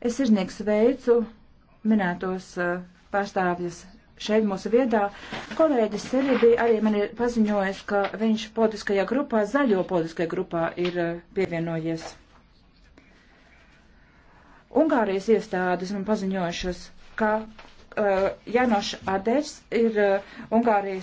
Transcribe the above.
Es sirsnīgi sveicu minētos eh, pārstāvjus šeit mūsu viedā. Kolēģis Seribī arī man ir paziņojis, ka viņš politiskajā grupā, zaļo politiskajā grupā ir eh, pievienojies. Ungārijas iestādes man paziņojušas, ka uh, eh, Janoš Aders ir uh, Ungārijas